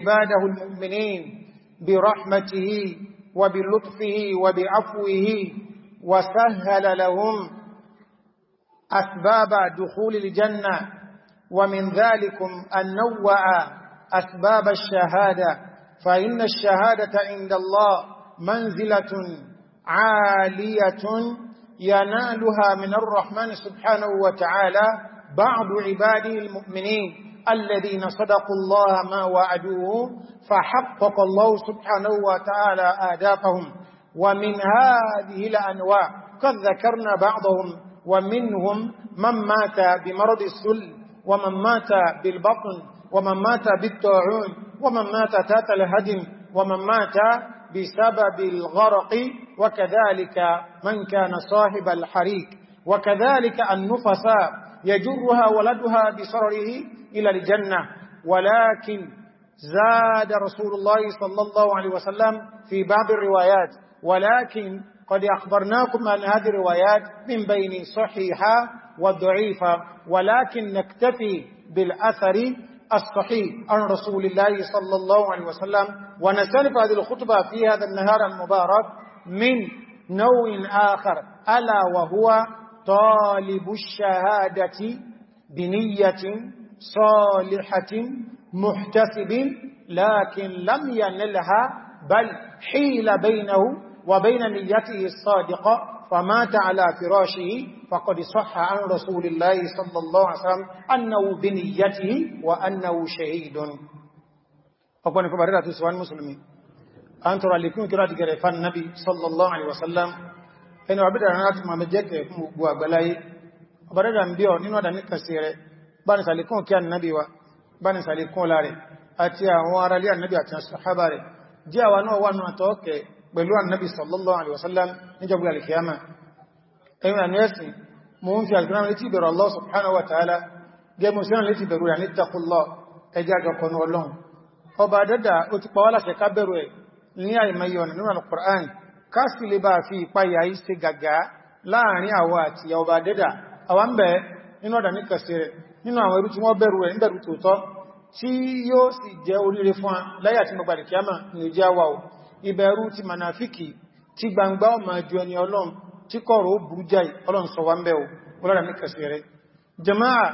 عباده المؤمنين برحمته وبلطفه وبعفوه وسهل لهم أسباب دخول الجنة ومن ذلك أن نوع أسباب الشهادة فإن الشهادة عند الله منزلة عالية ينالها من الرحمن سبحانه وتعالى بعض عباده المؤمنين الذين صدقوا الله ما وعدوه فحقق الله سبحانه وتعالى آدابهم ومن هذه الأنواع قد ذكرنا بعضهم ومنهم من مات بمرض السل ومن مات بالبطن ومن مات بالطاعون ومن مات تات الهدم ومن مات بسبب الغرق وكذلك من كان صاحب الحريك وكذلك النفساء يجرها ولدها بصرره إلى الجنة ولكن زاد رسول الله صلى الله عليه وسلم في بعض الروايات ولكن قد أخبرناكم عن هذه الروايات من بين صحيحة وضعيفة ولكن نكتفي بالأثر الصحيح عن رسول الله صلى الله عليه وسلم ونسلف هذه الخطبة في هذا النهار المبارك من نوع آخر ألا وهو طالب الشهادة بنية صالحة محتسب لكن لم ينلها بل حيل بينه وبين نيته الصادقة فمات على فراشه فقد صح عن رسول الله صلى الله عليه وسلم أنه بنيته وأنه شهيد أقول لكم بريرة سواء المسلمين أن ترى لكم كرات كريفان النبي صلى الله عليه وسلم إنه عبد الرحمن ما مجيك وقبلاي بريرة أنبياء نينو داني كسيري bani salikun kí annabi wa bani salikun lare àti àwọn ará ilé annabi àti sahaba rẹ̀ jẹ́ àwa náà wà náà tọ́ọ̀kẹ́ pẹ̀lú annabi sallallahu alaihi wasallam níjọba alkiyama ẹ̀yìn àníẹ́sì mo ń fi alkiran létí bẹ̀rọ Allah subhanahu wa ta'ala gẹ́ mo sí rán létí bẹ̀rù rẹ̀ ní takullọ ẹjá gọkọ̀nù ọlọ́run ọba dẹ́dà ó ti pa wá láṣẹ ká bẹ̀rù ẹ̀ ní àìmọye nínú alkùrán ká sì lè bá fi ìpayà ìṣe gàgá láàrin àwa àti ọba dẹ́dà àwọn bẹ̀ nínú ọ̀dà níkàsí rẹ̀ nínú àwọn ẹrú tí wọ́n bẹ̀rù rẹ̀ níbẹ̀rù tòótọ́ tí yóò sì jẹ́ oríire fún láyà tí mọ̀gbàdì kíámà ní ojú àwà ò ìbẹ̀rù ti tí gbangba ọmọ ju ẹni ọlọ́run tí kọ̀rọ̀ ó burú jáì sọ wá ń mi kẹsì rẹ̀ jàmáà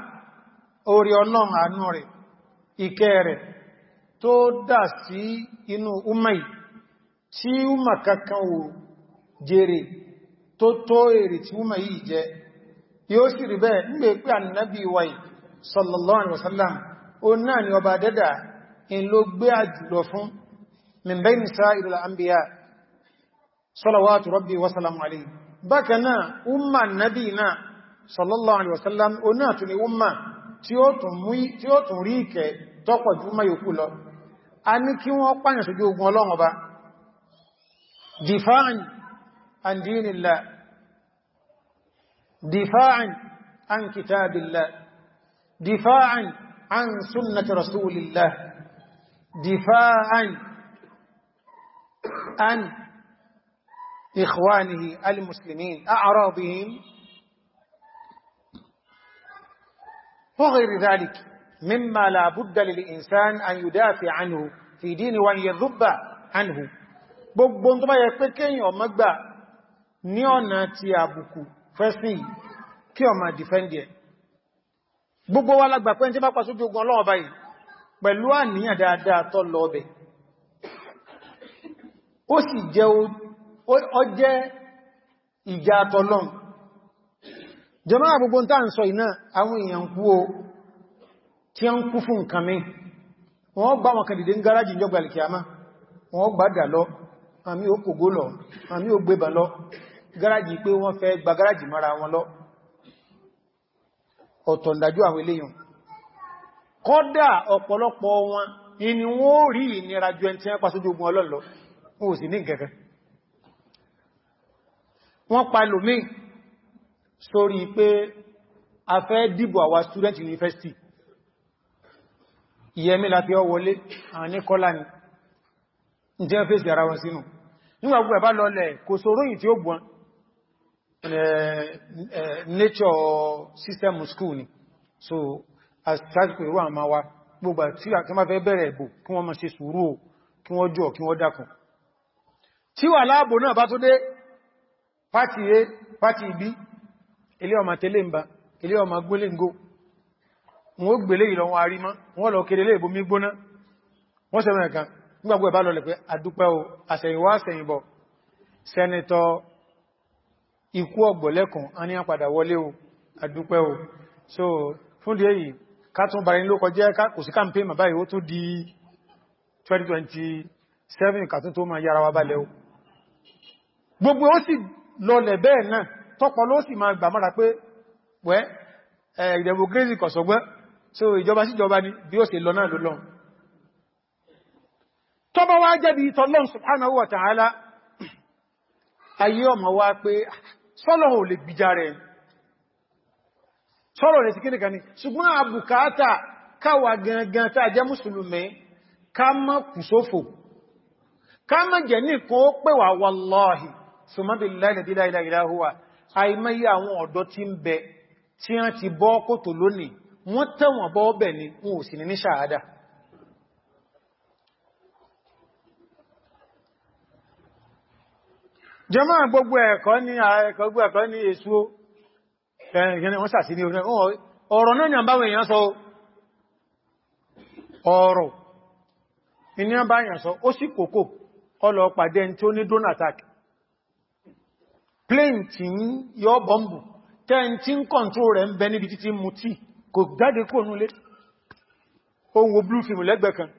sallallahu alaihi wasallam ó náà ni ọba dẹ́dà in ló gbé àjùlọ fún min bayni sa'iril anbiya salawatu rabbi wa salamu alayhi bákan náà umma nabi náà sallallahu alaihi wasallam ó náà tún ni umma tí ó tún rí ìkẹ́ tọ́pọ̀ jù mọ́ yòókù lọ a ní kí wọ́n pàyàn sójú ogun ọlọ́run ọba difa'an an dinillah difa'an an kitabillah دفاعا عن سنة رسول الله دفاعا عن إخوانه المسلمين أعراضهم وغير ذلك مما لا بد للإنسان أن يدافع عنه في دينه وأن يذب عنه gbogbo tó bá yẹ pé kéèyàn ọmọ gbà ní ọ̀nà gbogbo wa lágbà pé tí bá pa sójú ogun ọlọ́wọ́ báyìí pẹ̀lú àníyàn dáadáa tó lọ ọbẹ̀ ó sì jẹ́ ọjẹ́ ìjà àtọ́lọ́n jẹmọ́ àgbogbo tá ń sọ iná àwọn èèyàn kú o tí a ń kú fún nǹkan mi wọ́n gbá wọn kàdìdé ń gáràjì ìjọba alìkìyàmá wọ́n gbádà lọ àmì ó kògó lọ àmì ó gbébà lọ gáràjì pé wọ́n fẹ́ gba gáràjì mara wọn lọ ọ̀tọ̀ndájú àwọn eléyìn kọ́dà ọ̀pọ̀lọpọ̀ wọn ni wọ́n rí ìnira ju ẹni tí wọ́n pàṣójú ogun ọlọ́lọ́ ó sì ní gẹ̀gẹ̀ wọ́n pa lòmí sórí pé a fẹ́ dìbò àwa student university ìyẹmí láti ọ wọlé àwọn ní ni jẹ́ fèsì ara wọn sínú nígbàgbà bá lọlẹ̀ Eh, eh, nature system school ni so as traffic irú àmà wa gbogbo tí a máa fẹ́ bẹ̀rẹ̀ ẹ̀bò kí wọ́n máa ṣe sùúrù o kí wọ́n jọ kí wọ́n dákun tí wà láàbò náà bá tó dé pàtí a pàtí ibi ilé ọmọ tẹ́lé ń ba ilé ọmọ gbélé ń go wọ́n gbélé ìlọ́wọ́ arímá wọ́n lọ kéré léèbò mí gbóná wọ́n sẹ́mẹ̀ẹ̀kan nígbàgbọ́ ẹ̀bá lọ lẹ̀ pé àdúpẹ́ o àṣẹ̀yìnwá àṣẹ̀yìnbọ̀ senator ikú ọ̀gbọ̀lẹ́kùn a ní àpadà wọlé o àdúpẹ́ o so fún di èyí ká tún bàrẹ̀ ló kọjẹ́ kò sí campaign bàbá ìwó tó di 2027 kàtún tó máa yára wa balẹ̀ o gbogbo ó sì lọlẹ̀ bẹ́ẹ̀ náà tọ́pọ̀ ló sì máa gbà mọ́ra pé wẹ́ ìdẹ̀bò so ìjọba síjọba ni bí ó sì lọ náà ló lọ tọ́bọ̀ wá jẹ́bi tọ́lọ́n subhanahu ayé ọmọ wá pé sọ́lọ̀ ò lè gbìjà rẹ̀ sọ́lọ̀ rẹ̀ sí kí nìkan ni ṣùgbọ́n àbùkátà káwà gangan tàà jẹ́ mùsùlùmí ká mọ́ kùsófò ká mọ́ jẹ́ ní kó pè wà wallahi sọmọ́bìnláìlẹ̀díláìláìláhúwà jẹmọ́ gbogbo ẹ̀kọ́ ní ẹ̀kọ́ gbogbo ẹ̀kọ́ ní èṣù ẹ̀yẹni wọ́n sàtí ní ọ̀rọ̀ náà ni àbáwọn èèyàn sọ ọ̀rọ̀ ìní àbá èèyàn sọ ó sì ọlọ pàdé tí ó ní drone attack plane ń yọ bọ́mbù tẹ́n tí ń control rẹ̀ ń bẹ níbi títí mú tí kò jáde ó blue film lẹ́gbẹ̀ẹ́ kan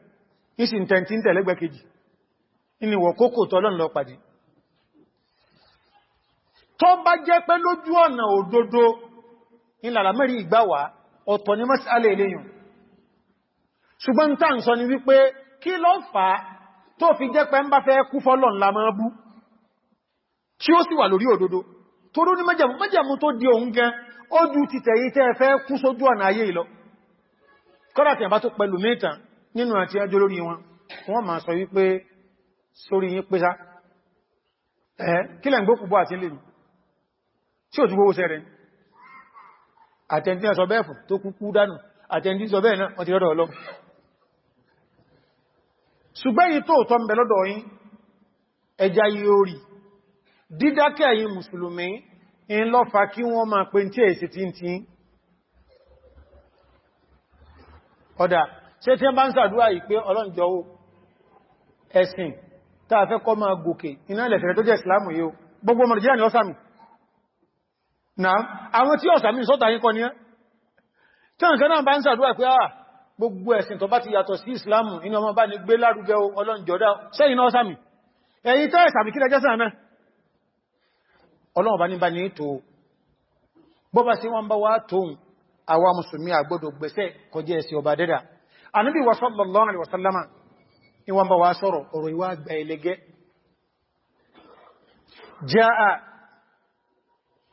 tẹ́ntí ń kejì kókò tọ́lọ́nà lọ tó bá jẹ́ pé ododo ọ̀nà òdodo ìlànà mẹ́rin ìgbà wà ọ̀tọ̀ ni mọ́sílẹ̀ eléyìn ṣùgbọ́n tá ń sọ ni wípé kí ló fà á tó fi jẹ́ pé ń bá fẹ́ kú fọ́lọ̀ ńlá tí ó sì wà lórí òdodo tó rú ní di ohun gan ó ju ti tẹ̀yí tẹ́ fẹ́ kú sójú ọ̀nà ayé ìlọ tí ò tún gbogbo sẹ́rẹ̀ àtẹ̀ntí sọ bẹ́ẹ̀ fún tó kúkú dánù àtẹ̀ntí sọ bẹ́ẹ̀ náà wọ́n ti lọ́dọ̀ ọlọ́run ṣùgbọ́n yìí tó tọ́ mbẹ̀ lọ́dọ̀ yín ẹja yìí orí dídákẹ́ yìí mùsùlùmí in lọ fa kí wọ́n máa pe tí èsì tí tí ọ̀dà ṣe tí bá ń sàdúrà yìí pé ọlọ́run ẹ̀sìn tàà máa gòkè iná ilẹ̀ fẹ̀rẹ̀ tó jẹ́ ìsìlámù yìí gbogbo mọ̀rìjíríà ni lọ́sàmì náà àwọn tí ọ̀sà mi sọ́ta yínkọ ní ẹ́ tí ọ̀nkẹ́ náà bá ń sàdúwà pé àà ah, gbogbo ẹ̀sìn tó bá ti yàtọ̀ sí Islamu inú ọmọ bá ní gbé lárugẹ ọlọ́njọ́dá sẹ́yìn náà sàmì ẹ̀yìn tẹ́ ẹ̀sàmì kí lẹ́jẹ́ sàmẹ́ ọlọ́ọ̀bá ní bá ní tó bọ́bá sí wọ́n bá wá tóun àwa mùsùlùmí àgbọ́dọ̀ gbẹ̀sẹ̀ kọjẹ́ ẹ̀sìn ọba dẹ́dà Ànábì wa sallallahu alaihi wasallama ni wọ́n bá wá sọ̀rọ̀ ọ̀rọ̀ ìwà àgbà ẹlẹ́gẹ́ jẹ́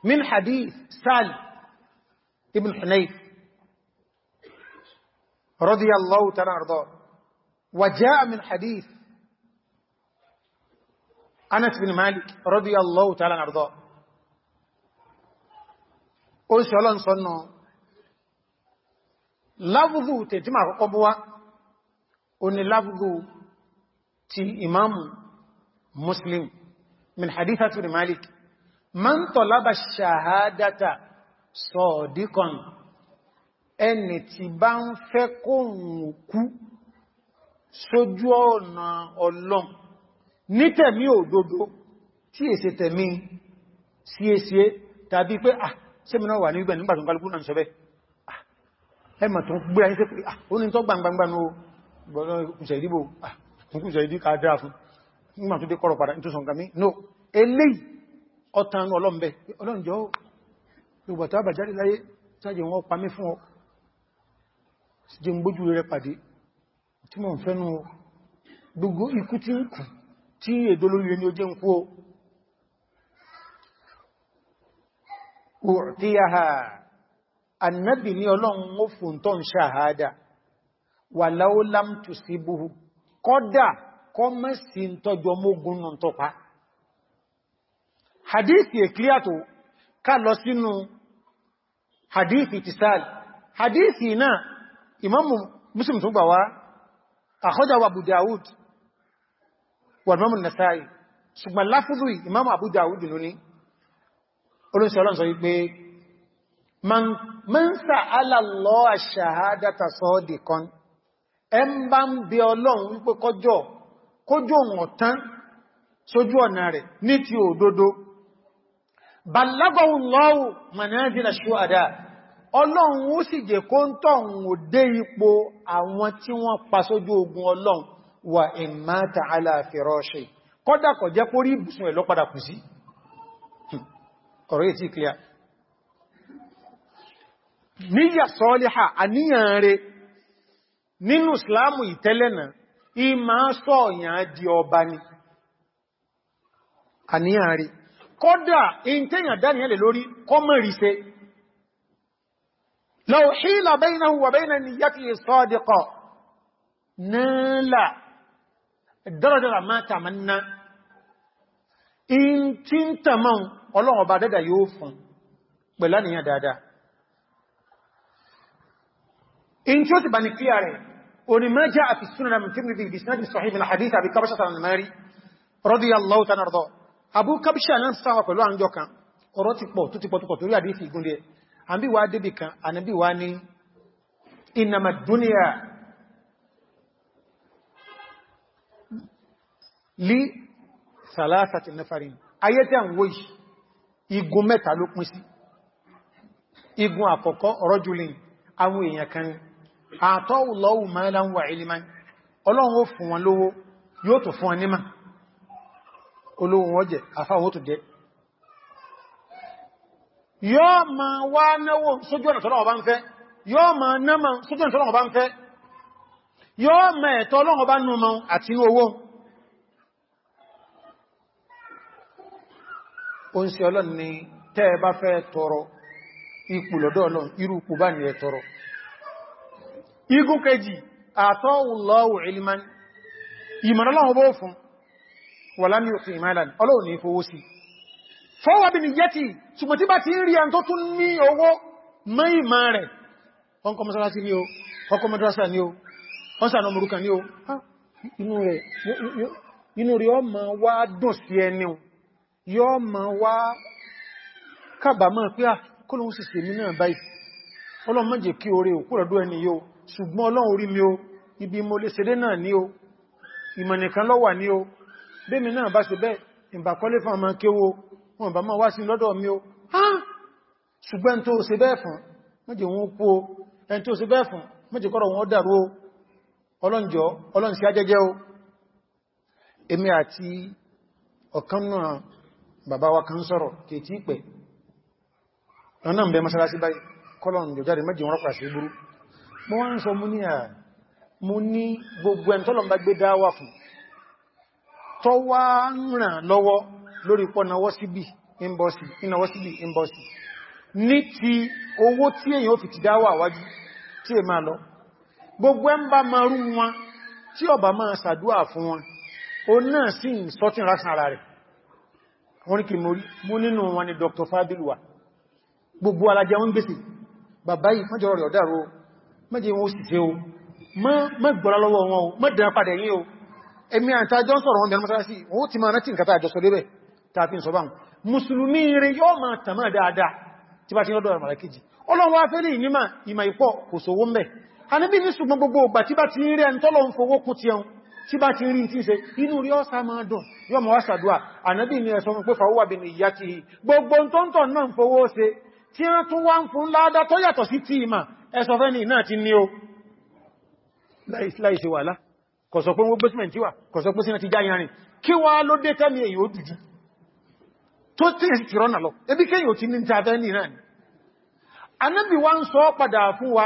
من حديث سال ابن حنيف رضي الله تعالى أرضاه وجاء من حديث أنس بن مالك رضي الله تعالى أرضاه أسألا صنع لفظ تجمع قبوة أن لفظ تي إمام مسلم من حديثة بن مالك man tọ̀lába ṣàhádátà sọ̀ọ̀díkan ẹni tí bá ń fẹ́ kóhùn kú sójú ọ̀nà ọlọ́n ní tẹ̀mí òdodo tí èsẹ tẹ̀mí sí èsẹ tàbí pé à ṣe mìíràn wà ní ibẹ̀ nígbàtí kálukú náà sọ́bẹ̀ ah, ẹmà tó gbé ayé sí pé à ah, ó ní ah, tó gbangbangba ní ó dé no eléyìí ọ̀tàn ọlọ́m̀bẹ̀ ọlọ́njọ́ gbogbo tó àbàjáde láyé sáàjẹ wọn pàmí fún ọ jẹ ń gbójú rẹ pàdé tí mọ̀ ń fẹ́nu gbogbo ikú tí ń kù tí èdò lórí rẹ ni ó jẹ́ ń kú ọ tí a ha annabi ní ọlọ́run ó fún tọ́ hadithi ekliyato ká lọ sínú hadithi tisal hadithi náà imamu muslim tún gbà wá àkọ́jáwà abu dawud wà imamu nasa'i ṣùgbọ́n láfúrú imamu abu dawud lóní olóṣèlú ọlọ́run sọ wípé man sa'ala Allah ash-shahadata sadiqan ẹn bá ń bí ọlọ́run wípé kọjọ́ kójò wọ̀n sójú ọ̀nà rẹ̀ ní ti òdodo bàlágọ́wù lọ́wù manazila ṣúàdá ọlọ́run ó sì jẹ kó ń tọ̀hún ò dé ipò àwọn tí wọ́n pa sójú ogun ọlọ́run wà ìmáta aláfẹ́rọ́ṣe kọ́dà kọ̀ jẹ́ pórí ibùsùn ẹ̀ lọ kù sí ọ̀rọ̀ kọ́dà ìntẹ́yàn dáníẹ̀lẹ̀ lórí kọmọ̀rìṣẹ́ law hila baynahu wa bayna niyyatihi sadiqa nílà daraja ma tamanna in tí ń tàmán ọlọ́run bá dẹ́dà yóò fún pẹ̀lá nìyàn dáadáa in tí ó ti bá ní kíyà rẹ̀ oní ma ja'a fi sunan min Tirmidhi Abu Kabsha náà sáwà pẹ̀lú àjọ kan ọ̀rọ̀ ti pọ̀ tó ti pọ̀ tó pọ̀ torí àdífì ìgúnlẹ̀ àbí wá débì kan ànàbí wá ní ìnàmà dúníà lí sàlásàtì nẹfàrí ayé tí a ń wó igun mẹ́ta ló pín sí igun àkọ́kọ́ rajulin àwọn èèyàn kan àtọ́ Allahu malan wa ilman ọlọ́run ó fún wọn lówó yóò tó fún wọn nímọ̀ olóhun ọjẹ́ àfáwọn tó jẹ́ yóò ma wá náwó sójú ọ̀nà tọ́lọ́wọ́ bá ń fẹ́ yóò ma náà sójú ọ̀nà tọ́lọ́wọ́ bá ń fẹ́ yóò ma ẹ̀tọ́ ọlọ́wọ́ bá nù mọ́ àti owó o ń ni tẹ́ bá fẹ́ tọrọ ipò wọ̀lámi òtù ìmáìlàn ọlọ́run ní fowó sí fọ́wọ́bí ni yẹ́ ti ṣùgbọ́n tí bá ti rí ẹn tó tún ní owó mẹ́ìmá rẹ̀ ọkọ̀ mọ́sálásí ní o ọkọ̀ mọ́dúrásà ní o ọ́sàn ọmọrúkà ní o inú rẹ̀ yọ́ ma wá dùn sí ẹni yọ́ ma wá kábàámọ̀ pé kọ́lọ́hun sì ṣe o ibi mo lè ṣedé náà ní o ìmọ̀nìkan lọ́wà ní o bẹ́mi náà bá ṣe bẹ́ẹ̀ ìbàkọ́lé fún ọmọ kéwò wọn bá máa wá sí lọ́dọ̀ mi o ṣùgbọ́n tó ṣe bẹ́ẹ̀ fún mọ́jẹ̀ wọn kú o ẹn tó ṣe bẹ́ẹ̀ fún mọ́jẹ̀ kọ́rọ̀ wọn dàrú o ọlọ́njọ́ ọlọ́nsí ajẹ́jẹ́ o èmi àti ọ̀kan mo wá ń sọ mú ní à mo ní gbogbo ẹn tọ́lọ̀ bá gbé dáwà fún tó wá ń ràn lọ́wọ́ lórí pọ́ náwọ́ síbì inbọ̀sì ìnáwọ́ síbì inbọ̀sì ní ti owó tí èyàn ó fi ti dáwà wájú tí è máa lọ gbogbo ẹ ń bá máa rú wọn tí ọba máa sàdúà fún wọn o náà sì ń sọ́tín rásán ara rẹ̀ wọ́n ní kí mo rí mú nínú wọn ni Dr. Fadiluwa gbogbo alájẹ́ wọ́n gbèsè bàbá yìí mọ́jọ́rọ̀ rẹ̀ ọ̀dàrò mẹ́jẹ́ wọn ó sì fẹ́ o mọ́ gbọ́ra lọ́wọ́ wọn o mọ́ dẹ̀rẹ́ padà yìí o èmi àtàjọ́ sọ̀rọ̀ wọn bẹ̀rẹ̀ mọ́sálásí wọ́n ti máa rántí nǹkan tàjọ́ sọ lébẹ̀ tààfin sọ báhùn mùsùlùmí rẹ̀ yóò máa tàmà dáadáa tí bá ti lọ́dọ̀ ẹ̀mọ̀rẹ̀ kejì ọlọ́wọ́ afẹ́lẹ̀ ìnímà ìmà ìpọ̀ kò sówó mẹ́ anábí ní ṣùgbọ́n gbogbo ọgbà tí bá ti rí ẹni tọ́lọ ń fowó kú ti ẹun tí bá ti rí tí ṣe inú rí ọ́sá máa dùn kọ̀sọ̀ pé wọ́n gbésìmẹ̀ tí wà kọ̀sọ̀ pé sínà ti já ìrìn kí wá ló dé tẹ́mi èyí ó dùjú tó tí èsì ti rọ́nà lọ ebí kéyìn ò ti ní tàbẹ́ ní náà ni anábì wá ń sọ padà fún wa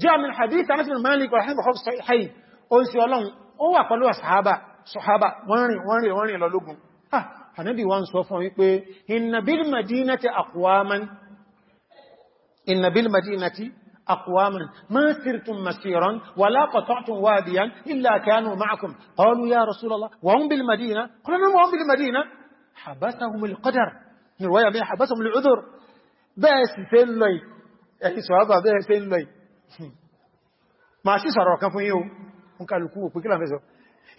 jẹ́ àmì hadith anásìn malik rahimahullah inna bil madinati أقواما ما سرتم مسيرا ولا قطعتم واديا إلا كانوا معكم قالوا يا رسول الله وهم بالمدينة قلنا نعم وهم بالمدينة حبسهم القدر رواية بها حبسهم العذر بس لي يعني إيه، سوابا بس لي ما شي صار وكان في يوم هم قالوا luku في كلام kila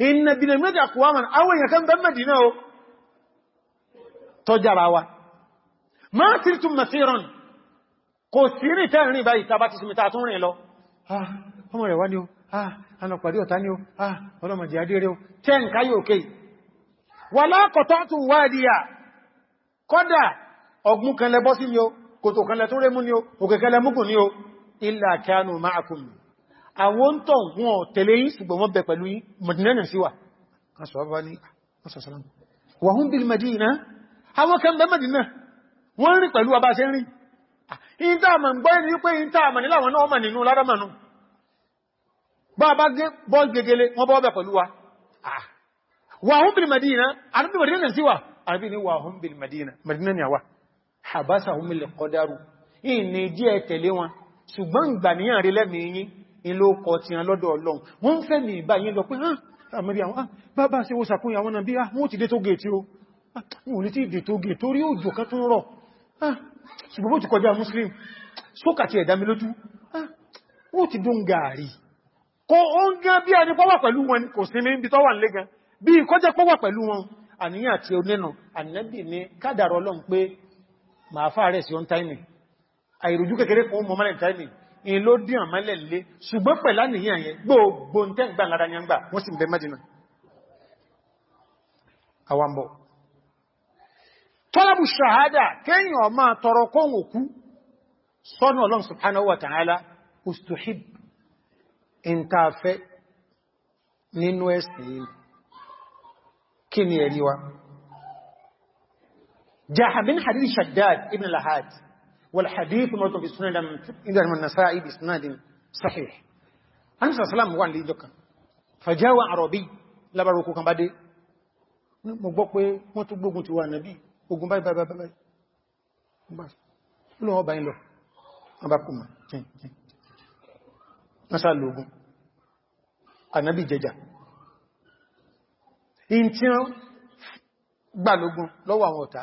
إن inna bil أقواما aqwaman كان yan تجاروا ما سرتم مسيرا kò sí rìn tẹ́ rìn báyìí tàbá ti sinmi ta tún rìn lọ ah, ọmọ rẹ̀ wá ní o anàpàdé ah, ọ̀tá ní o ah, ọlọ́mọdé adéré o tẹ́ ń káyé òkè wà lákọ̀tọ́ tún wádìíyà kọ́dà ọgbún kanlẹ̀ bọ́ sí ni o kòtò kanlẹ̀ tó rémú ni o òkè kanlẹ̀ múkùn ń rí pẹ̀lú abáṣẹ́ rí ìntà àmà ń gbọ́ ní wípé ìntà àmà nílà wọn náà mọ̀ nínú ládámanú bá bá gé bọ́ gẹ́gẹ́lé wa ah. wà hún bil madina àrùbí madina sí wà àrùbí ni wà hún bil madina madina ni àwà àbáṣà hún bil kọdarù ìní díẹ̀ tẹ̀lé wọn ṣùgbọ́n ìgbà níyàn rí lẹ́mìí ìlú ọkọ̀ ti hàn lọ́dọ̀ ọlọ́run wọ́n fẹ́ mi ìbá yẹn ah, ah, ti dé tó gẹ̀ẹ́ tí ó wọ́n ti ṣùgbọ́n bó ti kọjá muslim sókà ti ẹ̀dá mi lójú ah, ó ti dún gàárì kó ó ń gán bí ẹni pọ́wà pẹ̀lú wọn kò sí mi bí tọ́wà lé gan bí kọjá pọ́wà pẹ̀lú wọn àníyàn àti onínà ànẹ́bì ni kádàrọ lọ́n pé màá fà rẹ̀ sí on time àìrùjú kékeré kan mọ́ mọ́lẹ̀ time in ló dìyàn mọ́lẹ̀ lé ṣùgbọ́n pẹ̀lá nìyàn yẹn gbogbo ń tẹ́ gbà lára yẹn gbà wọ́n tọ́lábù ṣàhádà kẹ́yìn ọmọ tọrọ kóhùn òkú sọ́nà ọlọ́run subhanahu wa ta'ala ustuhib intafẹ́ nínú ẹ̀sìn kí ni ẹ̀ríwá jahamin hadith shaddad ibn al-ahad wal hadith mọ́tọ̀ bí sunan idan nasa'i bi sanadin sahih an sa salam wa ni dokan fajawa arabi labaru ko kan bade mo gbọ́ pé wọ́n tún gbógun ti wa nabi ogun báyìí báyìí báyìí lọ́wọ́ báyìí lọ ọba kùnmà násà lógún ànábì jẹjà in tí wọ́n gbà lógún lọ́wọ́ àwọn ọ̀tá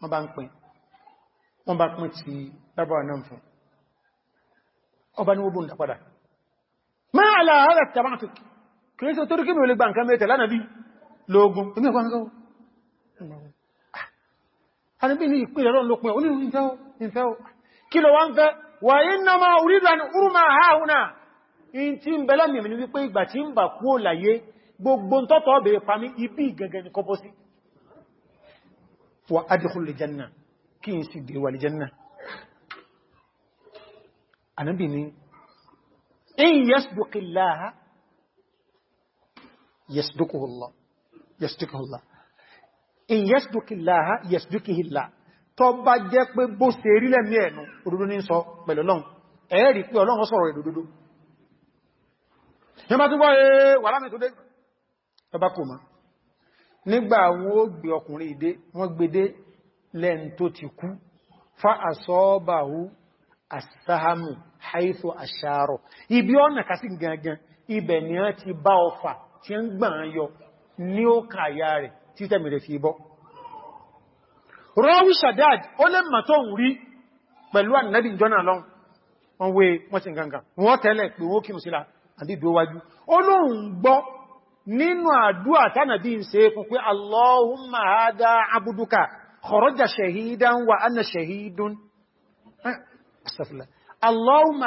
wọ́n bá ń pín wọ́n bá pín ti lábára náà fún ọba ní gbogbo ìdàpadà máa àlàáhàrà tàbí kìí tó tó rí kí mi ò lè gbà nǹkan mẹ́tẹ̀ lánàbí lógún àníbí ní ìpínlẹ̀ lọ́nà lópin onírú ìfẹ́ o ìfẹ́ o kí lọ wá ń fẹ́ wà iná máa orílẹ̀ ní urma haúnà in tí ń bẹ̀lẹ̀ mìí wípé ìgbà tí ń bà kú ò láyé gbogbo tọ́tọ̀ bèèrè pàmí ibi gẹ̀gẹ̀ ní kọ́bọ́ sí wà in yasdukillaha yasdukihillah tó bá jẹ́ pé bó ṣe rí lẹ́mí ẹ̀nu òdodo ní sọ pẹ̀lú ọlọ́run ẹ̀ẹ́rì pé ọlọ́run sọ̀rọ̀ ìdòdòdó yẹn bá tún wá ẹ̀ẹ́ wà lámì tó dé ẹbá kò mọ́ nígbà wọn ó gbé ọkùnrin ìdé wọ́n gbédé lẹ́n tó ti kú fa àsọ́ọ́bàwú àsáhàmù haitho àṣàrọ̀ ibi ọ̀nà kásí gangan ibẹ̀ ni wọ́n ti bá ọfà tí ń gbà ń yọ ní ó kàyà títẹ́ mẹ́rẹ̀ fi bọ́. rọ́wí ṣàdáàd ó lè mà tó ń rí pẹ̀lú ànìyàn jọ́nà lọ́n wọ́n wé wọ́n ti gangan wọ́n tẹ́lẹ̀ pé wó kí mùsílá àdídò wájú ó lóhun gbọ́ nínú àdúà tánàbí ń ṣe fún pé Allahumma hada abuduka kharaja shahidan wa ana shahidun eh, Allahumma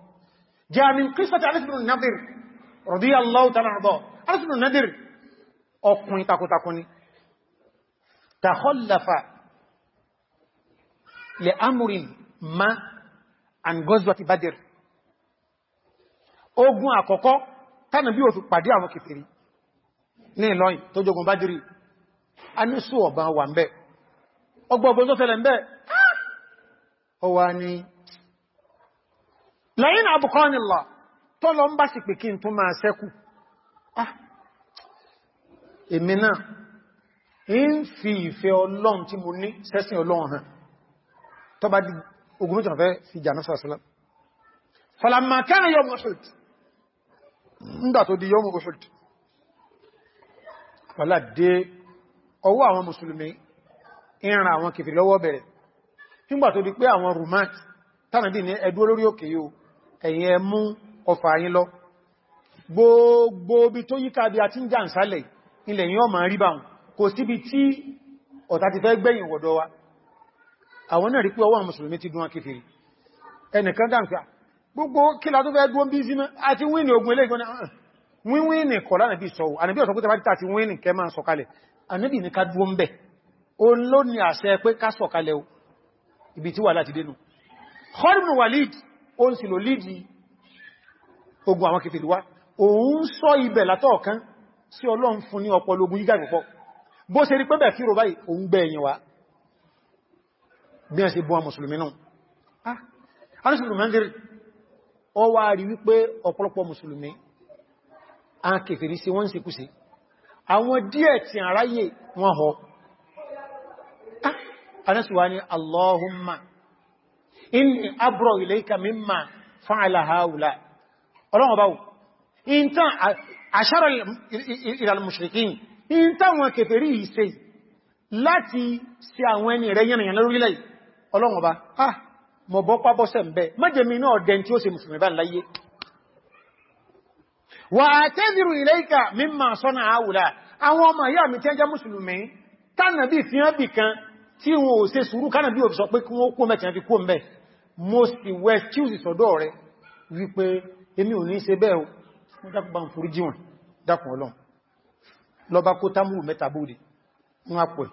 جاء من قصة أنس بن النضر رضي الله تعالى عنه أنس بن النضر أقني تاكو تاكوني تخلف لأمر ما عن غزوة بدر ogun àkọ́kọ́ tánà bí o fi pàdé àwọn kèfèrí ní ìlọ́yìn tó jogun Bádìrì a ní sọ ọ̀bá wà ń bẹ́ ọgbọ̀gbọ̀n tó fẹ́lẹ̀ ń bẹ́ ọwà ni lẹ́yìn àbùkọ́ ni lọ tó lọ ń bá sì pè n tó máa sẹ́kù ah, èmi náà ń fi ìfẹ́ ọlọ́run tí mo ní sẹ́sìn ọlọ́run hàn tó bá di ogun méjì fẹ́ fi jàná sọ́sọ́lá di dé ọwọ́ àwọn ìrìn àwọn lọ́wọ́ bẹ̀rẹ̀ nígbà tó di pé àwọn rumat ní ẹdú olórí ẹ̀yin ẹ mú ọfà yín lọ gbogbo bí tó yíká bí a ti ń jà ń sálẹ̀ ilẹ̀ yíò máa rí báhùn kò síbi tí ọ̀tá ti fẹ́ gbẹ̀yìn wọ̀dọ̀ wa àwọn náà rí pé ọwọ́ mùsùlùmí ti dún akéfèrè ẹnìkan dáǹfà gbogbo kílá tó fẹ́ dún bí símọ́ àti wíìnì ogun ilé ìgbọ́n wíwíìnì kọ̀lá nàbí sọ̀wọ̀ ànàbí ọ̀sọ̀ pé tàbí tàbí wíìnì kẹ máa sọ̀kalẹ̀ ànàbí Khalid bin Walid ó ń sì lò lídìí ogun àwọn kèfèrí wá òun sọ ibẹ̀ látọ̀ọ̀kan sí ọlọ́run fún ní ọpọlọ ogun yígà ìgbòpọ̀ bó ṣe rí pẹ́bẹ̀ kí ro báyìí òun gbẹ̀ ẹ̀yìn wá bí wọ́n ṣe bọ́ mùsùlùmí náà ah, ah, Allahumma in abro ilayka mimma fa'ala haula ọlọ́wọ́ báwọ̀ in tán àṣára ìlàlùmùsùlùkín in tán wọn kèfèrí ìṣe láti sí àwọn ẹni rẹ̀ yẹnìyàn lórílẹ̀ ọlọ́wọ́ bá ah mọ̀ bọ́ pábọ́sẹ̀ mbẹ́ mẹ́jẹ̀mí náà dẹn tí ó ṣe mùsùlùmí bá láyé wà àtẹ́zìrù ilayka mimma sọ́nà àwùlà àwọn ọmọ ìyá mi tẹ́jẹ́ mùsùlùmí tánàbí fi hàn wọn ò ṣe sùúrù kánàbí ò pé kí wọ́n kú mẹ́tẹ̀ fi kú mẹ́ mo sì wẹ́ kíùsì sọ́dọ̀ rẹ̀ wípé èmi ò ní ṣe bẹ́ẹ̀ o mú dákùnbà ń forí jíwọ̀n dákùn ọlọ́n lọba kó támùrù mẹ́ta bóde ń apọ̀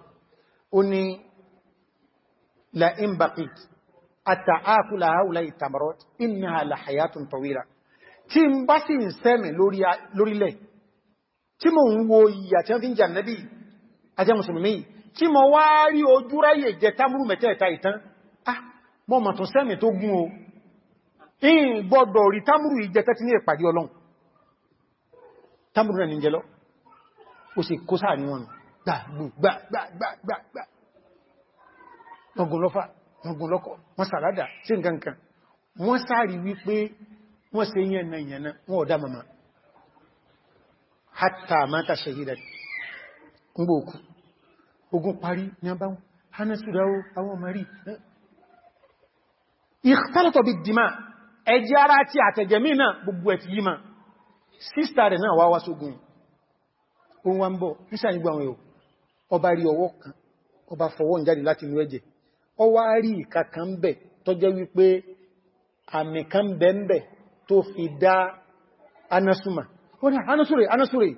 ó ní la in baqit ata akula haula itamarot innaha la hayatun tawila tí n bá sì ń sẹ́mì lórílẹ̀ tí mo ń wo ìyà tí wọ́n fi ń jànẹ́bí ajẹ́ musulmi tí mo mọ́ ma tó sẹ́mì tó gún o in gbọ́dọ̀ rí támùrù ìjẹta tí ní ìpàdé ọlọ́run támùrù náà ní jẹ́lọ ó sì kó sáà ní wọn gbàgbàgbàgbàgbà ọgùnlọ́fà ọgùnlọ́kọ̀ wọ́n sàrádà sí nǹkankan wọ́n sáàrí wípé wọ́n ṣe yẹnna yẹnna wọ́n ọ̀dá mama hátà mátà ṣehídà ń gbòókù ogun parí ní ìkítàlẹ̀tọ̀ bí dìmá ẹjẹ́ ara ti àtẹ̀jẹ̀mí náà gbogbo ẹ̀tì líma sísta rẹ̀ náà wá wá sógun ohun wa ń bọ̀ nísà nígbà wọn ọba rí ọwọ́ kan ọba fọwọ́ ń jáde láti inú ẹ̀jẹ̀ ọ wá rí ìka kan ń bẹ̀ tó jẹ́ wípé àmì kan bẹ̀ wọ́n ní anásùrè anásùrè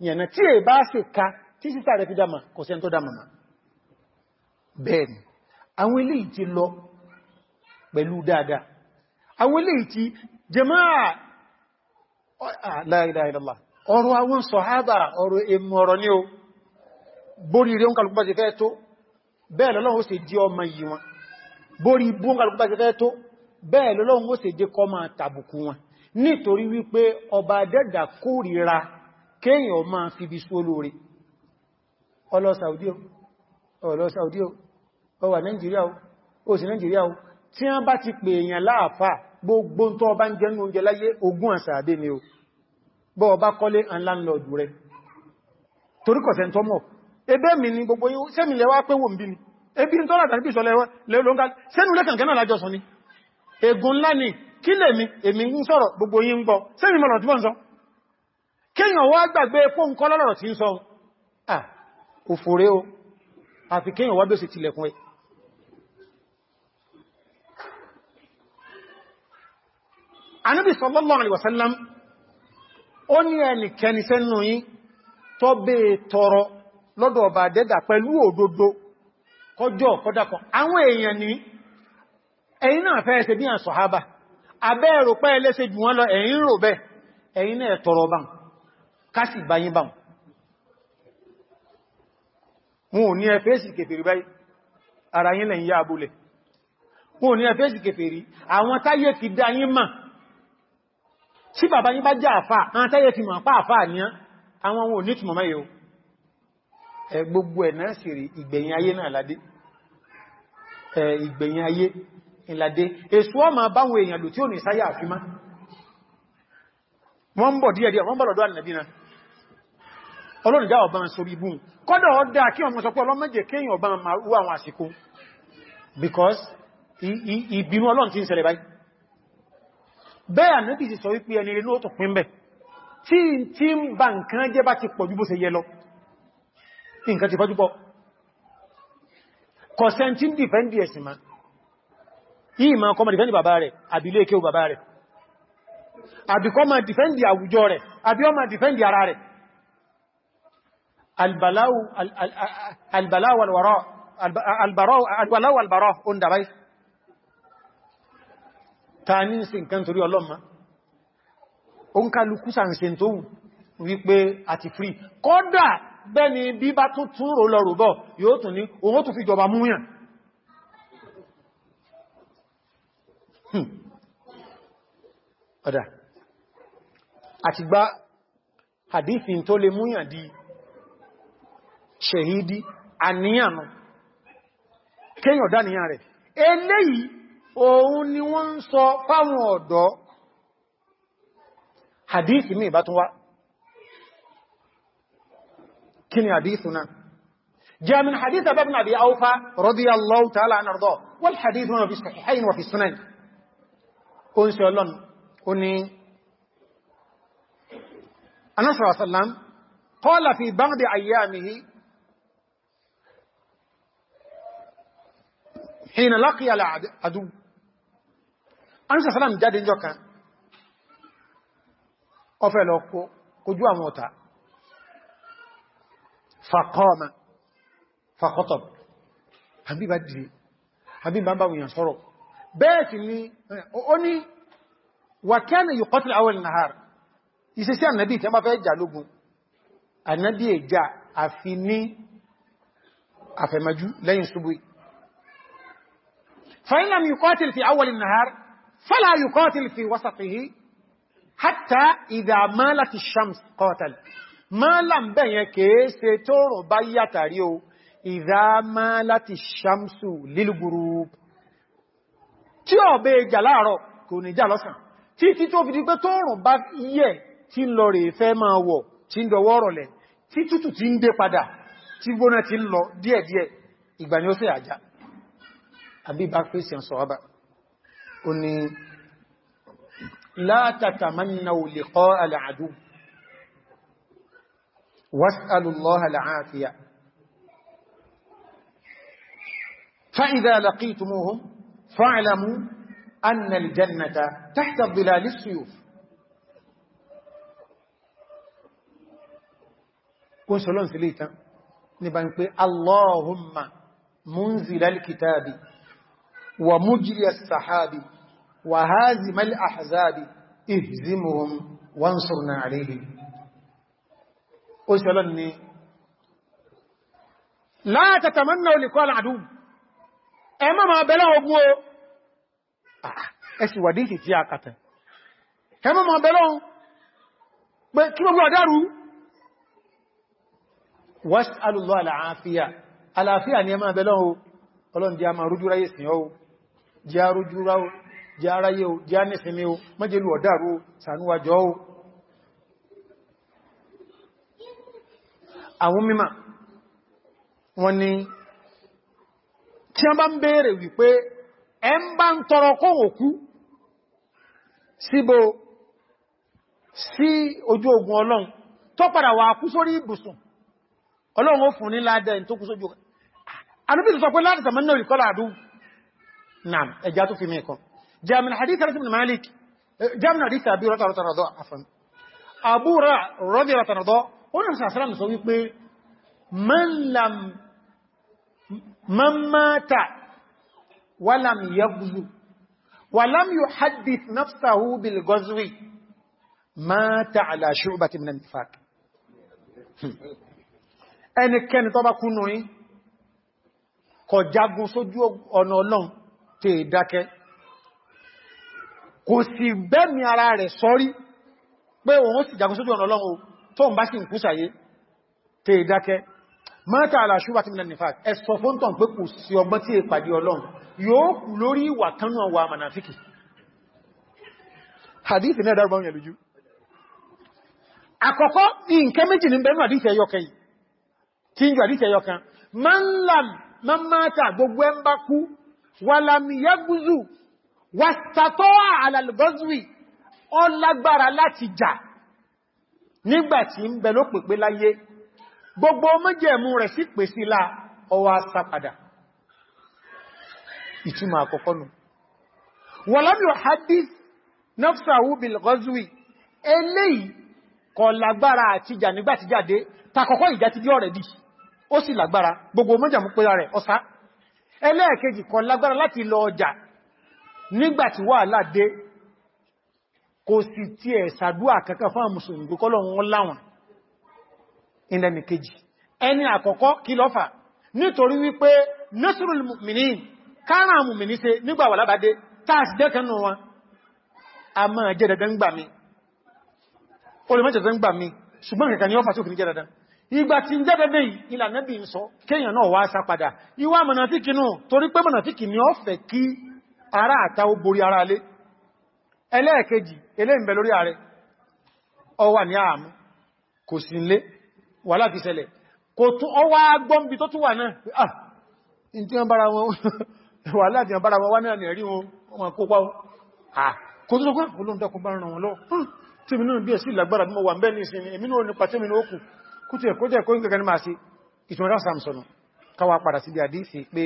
yẹ̀nà tí è bá sì ká tí sísà rẹ̀ fi dáma kò sẹ́ tó dáma bẹ́ẹ̀ni àwọn ilé ìtí lọ pẹ̀lú dáadáa àwọn ilé ìtí jẹmáà la ilaha illallah ọ̀rọ̀ àwọn sọ̀hábà ọ̀rọ̀ èmù ọ̀rọ̀ ní o bórí rí oúnkàlùkú bá ti fẹ́ tó bẹ́ẹ̀ lọ́lọ́run ó sì jẹ́ ọmọ yìí wọn bórí kéèyàn máa fi bí sólò rí ọlọ Saudi ọlọ Saudi ó wà Nàìjíríà ó sì Nàìjíríà ó tí wọ́n bá ti pè èèyàn láàfà gbogbo tó bá ń jẹ́ ní oúnjẹ láyé ogún àsàdé ni o bọ́ ọba kọ́lé and landlord rẹ̀ toríkọ̀sẹ̀ tó mọ̀ ẹ̀bẹ̀ mi ni gbogbo yíó sẹ́mi lẹ́wà pé wò ń bí ni kíyàn wá gbàgbé epo nǹkan lọ́rọ̀ tí ń sọ ah òfòrè o àfi kíyàn wá bí ó sì tilẹ̀kùn ẹ Ànábì sallallahu alaihi wasallam ó ní ẹnikẹni sẹ́nu yí tó bè tọrọ lọ́dọ̀ ọba dẹ́dà pẹ̀lú òdodo kọjọ́ kọjápọ̀ àwọn èèyàn ní ẹ̀yin náà fẹ́ ẹsẹ̀ bí i àṣọ̀hábà abẹ́ ẹ̀rọ pẹ́ ẹlẹ́sẹ̀ jù wọ́n lọ ẹ̀yin rò bẹ́ ẹ̀yin náà tọrọ báhùn kásì báyín báhùn wọn ò ní ẹfẹ́sì kèfèrí báyìí ara yín lẹ́yìn yá abúlẹ̀ wọn ò ní ẹfẹ́sì kèfèrí àwọn táyé ti dá yín mà tí bàbá yín bá já àfà àwọn táyé ti mọ̀ pá àfà àníyàn àwọn wọn ò ní túnmọ̀ mẹ́yẹ ẹ gbogbo ẹ̀ náà sì rí ìgbẹ̀yìn ayé náà ọlọ́rìndá ọba ń sorí ibú kọ́dọ̀ ọdá kí ọmọ sọpọ̀ ọlọ́mẹ́jẹ̀ kéyìn ọba ma àwọn àsìkò because ìbínú ọlọ́run ti ń ṣẹlẹ̀ báyìí bẹ́ẹ̀ ànábì ti sọ wípé ẹni rẹ̀ lóòtò pín bẹ̀ tí tí ń ba nǹkan jẹ́ bá ti pọ̀jú bó ṣe yẹ lọ nǹkan ti fọ́júbọ́ kọ̀sẹ̀ntí ń dìfẹ́ndì ẹ̀sìn ma yìí ma kọ́ ma dìfẹ́ndì bàbá rẹ̀ àwùjọ rẹ̀ àbí ma dìfẹ́ndì ara rẹ̀ البلاو البلاو والوراء البراء البلاو والبراء اون دبي tani sin kan torí Ọlọ́run ma on ka luku san sin to wí pé àti free kódà bẹ́ni bí bá tún tún rò lọ rùbọ̀ yóò tún ní òun tún fi jọba múyàn hmm. ọ̀dà àti gbá hadithi tó lè múyàn di ṣèhídí àníyànú kéyàn dáníyàn rẹ̀ eléyìí òun ni wọ́n ń sọ fáwọn ọ̀dọ́ hadith mi bá tún wá kí ni hadithu náà جاء من حديث ابن أبي أوفى رضي الله تعالى عنه أرضاه والحديث هنا في الصحيحين وفي السنن أنسي الله أني أنا صلى الله عليه وسلم قال في بعض أيامه حين لقي العدو أنسى سلام جاد جوكا أفلوكو كجوا موتا فقام فخطب حبيب أدري حبيب بابا وينصره بيت بيتني أني وكان يقتل أول النهار يسيسي النبي تما فيجع لغو النبي يجع أفيني أفمجو لا ينصبوي فإن لم يقاتل في أول النهار فلا يقاتل في وسطه حتى إذا مالت الشمس قاتل ما لم بيك ستور بيتاريو إذا مالت الشمس للغروب tí ó bẹ ìjà láàárọ̀ kò ní jà lọ́sàn tí tí tó fi di pé tó rùn bá yẹ̀ tí lọ rẹ̀ fẹ́ máa wọ̀ tí ń dọwọ́ rọ̀lẹ̀ tí tútù tí ń dé padà tí gbóná tí ń lọ díẹ̀díẹ̀ ìgbà àjá Habib Christian Sọ̀hábà, ó ní, La tatamannaw liqa'a al-adu, was'alu Allah al-afiya. فإذا لقيتموهم فاعلموا أن الجنة تحت ظلال السيوف كون سلون سليتا نبان Allahumma munzilal kitabi ومجري السحاب وهازم الأحزاب اهزمهم وانصرنا عليهم أسألني لا تتمنوا لقاء العدو أما ما بلا أبو أسي وديتي تياكتا أما ما بلا كما أبو أدارو واسألوا الله العافية العافية أن يما بلا أولون دي أما رجو رئيس نيو jẹ́ arójúra o jẹ́ aráyé o jẹ́ anífẹ́mí o mọ́jẹ̀lú ọ̀dáàrú sànúwàjọ́ o àwọn mímọ̀ wọn ni tí a bá ń béèrè wípé ẹ ń bá ń tọrọ kó òkú síbo sí ojú ogun ọlọ́run tó padà wà kú sórí ibùsùn ọlọ́run ó fún ní ládẹ́ tó sójú ọlọ́run نعم جاءت في ميكو جاء من حديث أنس بن مالك جاء من حديث أبي هريرة رضي الله عفوا أبو هريرة رضي الله عنه قال صلى الله عليه وسلم من لم من مات ولم يغزو ولم يحدث نفسه بالغزو مات على شعبة من النفاق ẹnikẹ́ni كان bá kú nù yí kọ̀ jagun sójú ọ̀nà tí è dákẹ́ kò sì bẹ́mi ara rẹ̀ sọ́rí pé òun sì jagun sójú ọ̀nà ọlọ́run tó ń bá sì ń kú sàyé tí è dákẹ́ mọ́ta àlàṣúwà tí mìíràn nífà ẹ̀sọ fóntàn pé kò sí ọgbọ́n tí è pàdé ọlọ́run yóò kù lórí ìwà kanú àwà mànàfíkì hadith náà wàlàmì yẹ́gúzù wàtàtọ́wà alàlùgọ́zùwì ọlágbára láti jà nígbàtí ń bẹ ló pèpé láyé gbogbo mọ́jẹ̀mú rẹ̀ sí pè sí la ọwá sápadà ìtumọ̀ àkọ́kọ́ nù wàlàmì hadith nafsahu bilgọ́zùwì eléyìí kò lágbára àti jà nígbàtí jáde takọ̀kọ́ ìjà ti di ọ̀rẹ̀ dì ó sì lágbára gbogbo mọ́jẹ̀mú pé rẹ̀ ọ̀sá ẹlẹ́ẹ̀kejì kò lágbára láti lọ ọjà nígbàtí wà láde kò sì tí ẹ̀ sàdúà kankan fún àmùsùn ìgbòkọ́lọ̀ wọn láwọn ìlẹ̀nì kejì ẹni àkọ́kọ́ kí lọ́fà nítorí wípé nasrul mu'minin kára mu'mini se nígbà wà lábádé táàsì jẹ́ kanú wọn a ìgbà tí ń jẹ́bẹ̀bẹ̀ ìlà nso kenya sọ kéèyàn náà wá sá naa ìwà pe náà torí pé mọ̀nàfíkì ni ó fẹ́ ara àta ó ara lé ẹlẹ́ẹ̀kejì eléǹbẹ̀ lórí ààrẹ ọwà ní àmú kò sí lé wà láti ṣẹlẹ̀ kò tún ọwà gbọ́mbi ah, tí wọn wọn ah, ah, hmm, mi náà bí ẹ̀sí ìlàgbára wà ń kútù ẹ̀kọ́ jẹ́ kóyìn gẹ́gẹ́ máa sí ìtùnrà samsonu káwà padà sí àdífì pé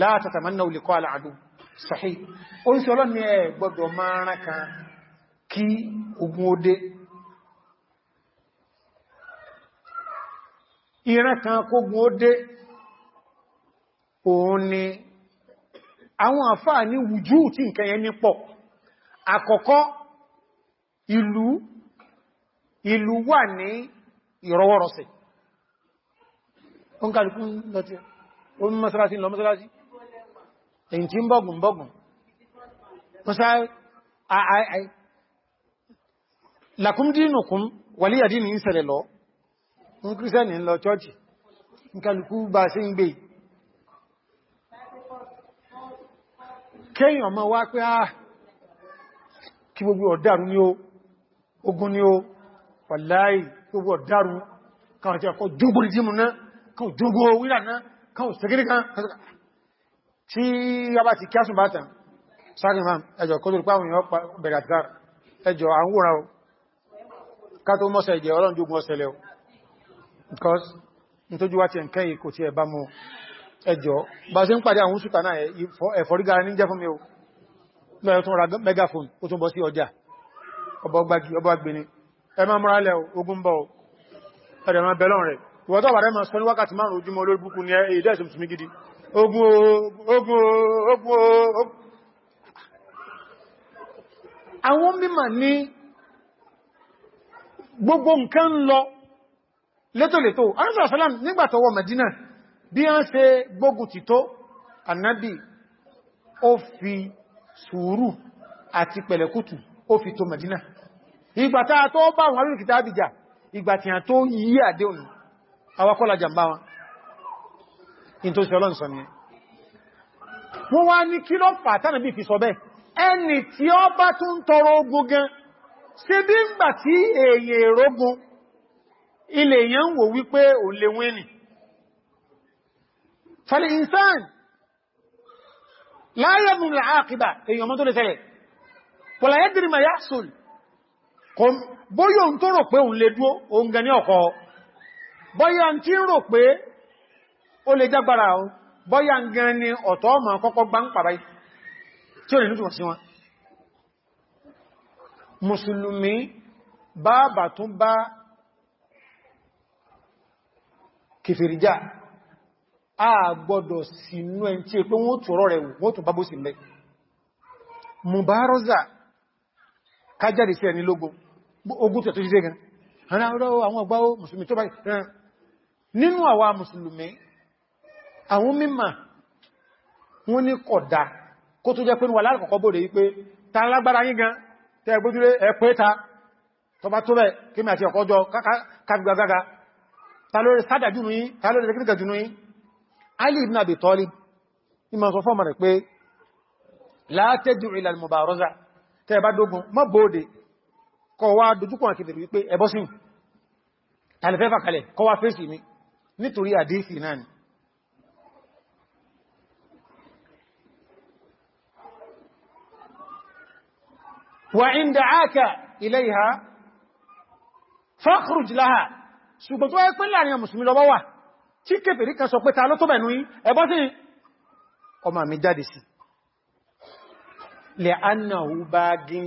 látàtàmánà olùkọ́ aláàdù sọ̀hí ó ń sọ ọlọ́ni ẹ gbọ́dọ̀ máa rán kan kí ogun ó dé kan kógun ó dé òun ni àwọn àfáà ní wùjú tí nǹkan ní pọ̀ àkọ́kọ́ ìlú ìlú wà ní ìrọwọ́rọsẹ̀ o ń kàrìkú lọ́tí ń mọ́sálásí lọ mọ́sálásí èyí tí ń bọ́gùn bọ́gùn mọ́sálásí ààrẹ lakum dinukum waliya dini ń sẹlẹ̀ lọ ń kírísẹ́nì lọ bá sí ń gbé mọ́ wá pé á ah, kí gbogbo ó ogun ó gbogbo ọ̀dáru kan àti ẹ̀kọ́ jógbò ìdímù náà kan jógbò wíra náà kan òsìkiri kan tí a bá ti kí ásùn bá tàn sáàrin máa ẹjọ̀ kó lórí páwọn èèyàn bẹ̀rẹ̀ àtìdára ẹjọ̀ àwòrán o ká tó mọ́sẹ̀ ìjẹ̀ ọlọ́run jógun ọsẹlẹ̀ o because n tó júwá ti ẹ̀nkẹ́ yìí kò ti ẹ̀bá mọ́ ẹjọ̀ bá ṣe ń pàdé àwọn sùtà náà ẹ̀fọ́rígara ní jẹ́ fún mi o mẹ́rin tún ra megaphone ó tún bọ́ sí ọjà ọba ọgbàgbìnrin ẹmọ múrálẹ̀ ogun bọ̀ ẹ̀rẹ̀ ma bẹ̀lọ́n rẹ̀ wọ́n tọ́wà rẹ̀ ma sọ ní wákàtí márùn ojúmọ́ olórí búkú ní èdè ẹ̀sùn tùmí gidi ogun ogun ogun àwọn mímọ̀ ní gbogbo nǹkan lọ létòlétò arúgbà sọ́lám nígbà tó wọ Mẹ̀dínà bí a ń ṣe gbógun ti tó ànábì ó fi sùúrù àti pẹ̀lẹ̀kùtù ó fi tó Mẹ̀dínà ìgbàtà tó bá wọn alúrù kìtà àbìjà ìgbàtí tó yí àdé òní awakọ́lá jàmbá wọn in tó ṣọlọ́n sọ ní wọ́n wá ní kí ló fi sọ ẹni tí ó bá tún tọrọ ogun gan láyé mú èyàn mọ́ tó lè bóyá ń tó rò pé òun lè dúó òun gẹ ní ọkọ̀ bóyá ń tí ń rò pé ó lè jágbára òun bóyá ń gẹ ní ọ̀tọ̀ ọmọ kọ́kọ́ gbá ń pàbáyí tí ó lè nútùmọ̀ sí wọn mùsùlùmí bàbá tún bá kìfìrìjá a gbọ́dọ̀ sínú ẹn tí pé wọ́n tọrọ rẹ̀ wọ́n tún bábó sí mẹ́ mùbárọ́zà kájáde sí ẹni lógún ogun tẹ̀ tó ṣíṣe gan àwọn ọ̀rọ̀ àwọn ọgbà ó mùsùlùmí tó bá rán nínú àwa mùsùlùmí àwọn mímà wọ́n ní kódà kó tó jẹ́ pé wà lárùkọ̀kọ́ bóde wípé ta lágbára yín gan tẹ́ gbójúlé ẹ̀pẹ́ ta tọba tó bẹ̀ kí mi la tad'u ila al-mubaraza tẹ́ dógún mọ́ bóde kọ wá dojúkọ àkìtẹ̀ wípé ẹbọ́ sí tàìlẹ̀fẹ́fà kalẹ̀ kọ fèsì mi nítorí àdífì náà ni wà ń ákà ilẹ̀ ìhá fọ́kùrù jìláha ṣùgbọ́n tó ẹ́pẹ́ láàrin mùsùlùmí lọ bá wà tí kèfèrí kan sọ pé ta ló tó bẹ̀nú ẹbọ́ sí ọmọ mi jáde sí lẹ́ annahu bá gín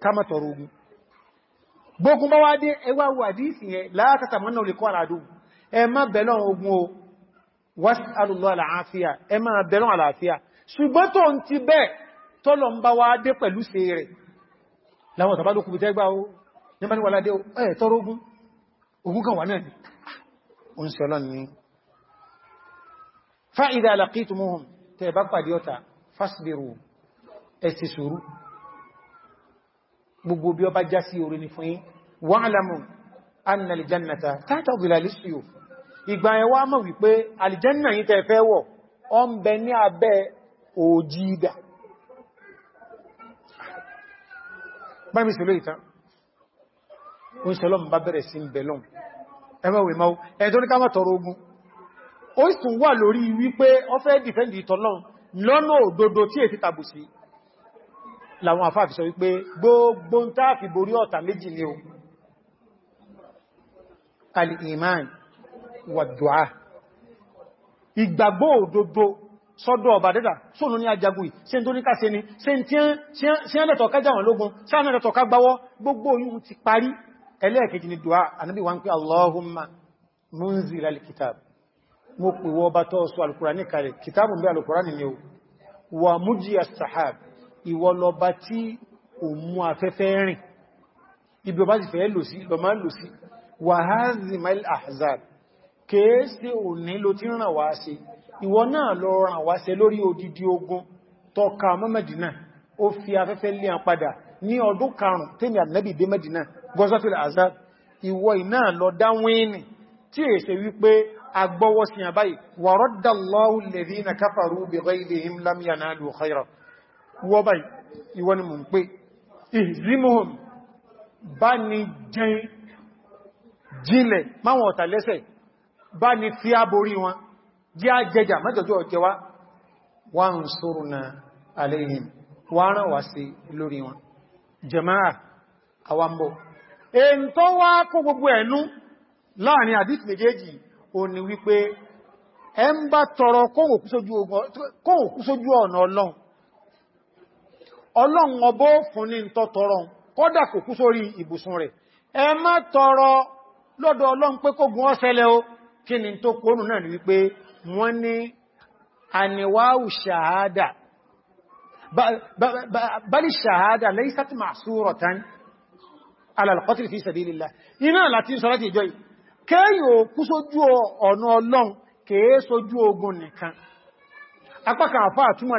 kama tọrọ ogun gbogbo bá wá dé ẹwà wàdíìsì yẹn látàtà mọ́nà olè kọ́ àràdù ẹ má bẹ̀lọ́ ogun o wásàlùlọ́ àlàáfíà ẹ má bẹ̀lọ́ àlàáfíà ṣùgbọ́n tó ń ti bẹ́ẹ̀ tọ́lọ ń fa ìdá àlàkítùmùhùn tẹ́ bá pàdé ọ̀tá fásbìrù ẹ sùúrù gbogbo bí ọba já sí orí ni fún yín wa'lamu anna aljannata tata dhilali suyuf ìgbà ẹ̀ wá mọ̀ wípé aljanna yí tẹ́ fẹ́ wọ̀ ọ ń bẹ ní abẹ́ òjì ìdà bá mi sí lórí wípé lọ́nà òdodo tí èsì tàbùsí láwọn àfáàfi sọ wípé gbogbo ń táàfi borí ọ̀tà méjì ni o al-iman wa du'a ìgbàgbọ́ òdodo sọ́dọ̀ ọba dẹ́dà sóòlù ní ajagun yìí ṣe ń tó ní ká ṣe ni ṣe ń tí ẹ́ lẹ́tọ̀ ká jáwọn lógún sáàmì lẹ́tọ̀ ká gbáwọ́ gbogbo yìí ti parí ẹlẹ́ẹ̀kejì ni du'a anábí wa ń pè Allahumma munzil kitab mo pè wọ ọba tó kitabu bí ni wa muji as ìwọ lọba tí kò mú afẹ́fẹ́ rìn ibi ọba sì fẹ́ lò sí lọ máa lò sí wàhálìmáìl ahzab kèése òní ló ti ràn wá ṣe ìwọ náà lọ ràn wá ṣe lórí odidi ogun tọ́ka mọ́ ó fi afẹ́fẹ́ lé an padà ní ọdún karùn-ún tèmi dé Mẹ́dínà gọ́sọ́fẹ́ ahzab ìwọ iná lọ dáwẹ́ni tí èsè wípé agbọ́wọ́sìn àbáyì wàrọ́dàlọ́hùn lèdínà káfàrú bi ghayrihim lam yanalu khayra wọ́ báyìí ìwọ ni mò ń pé ìzímòhùn bá ní jẹun jílẹ̀ máwọn ọ̀tà lẹ́sẹ̀ bá ní fi àborí wọn jẹ́ àjẹjà mẹ́jọjọ́ ọ̀jẹ́wá wà ń sọ́rọ̀ na aléyìn wà rán wà sí lórí wọn jẹmáà àwambọ̀ èyí tó wá kó ọlọ́run ọbọ́ fún ní tọ́ tọrọ kọ́dà kò kú sórí ìbùsùn rẹ̀ ẹ má tọrọ lọ́dọ̀ ọlọ́run pé kó gún ọ́sẹ́lẹ̀ o kí ni tó kónù náà ni wípé wọ́n ní àníwáwù ṣàhádà bali ṣàhádà laysat ma'suratan ala al fi sabilillah iná láti sọ láti ìjọ kẹ́yìn ò kú sójú ọ̀nà ọlọ́run kèé sójú ogun nìkan apákan àfáà túnmọ̀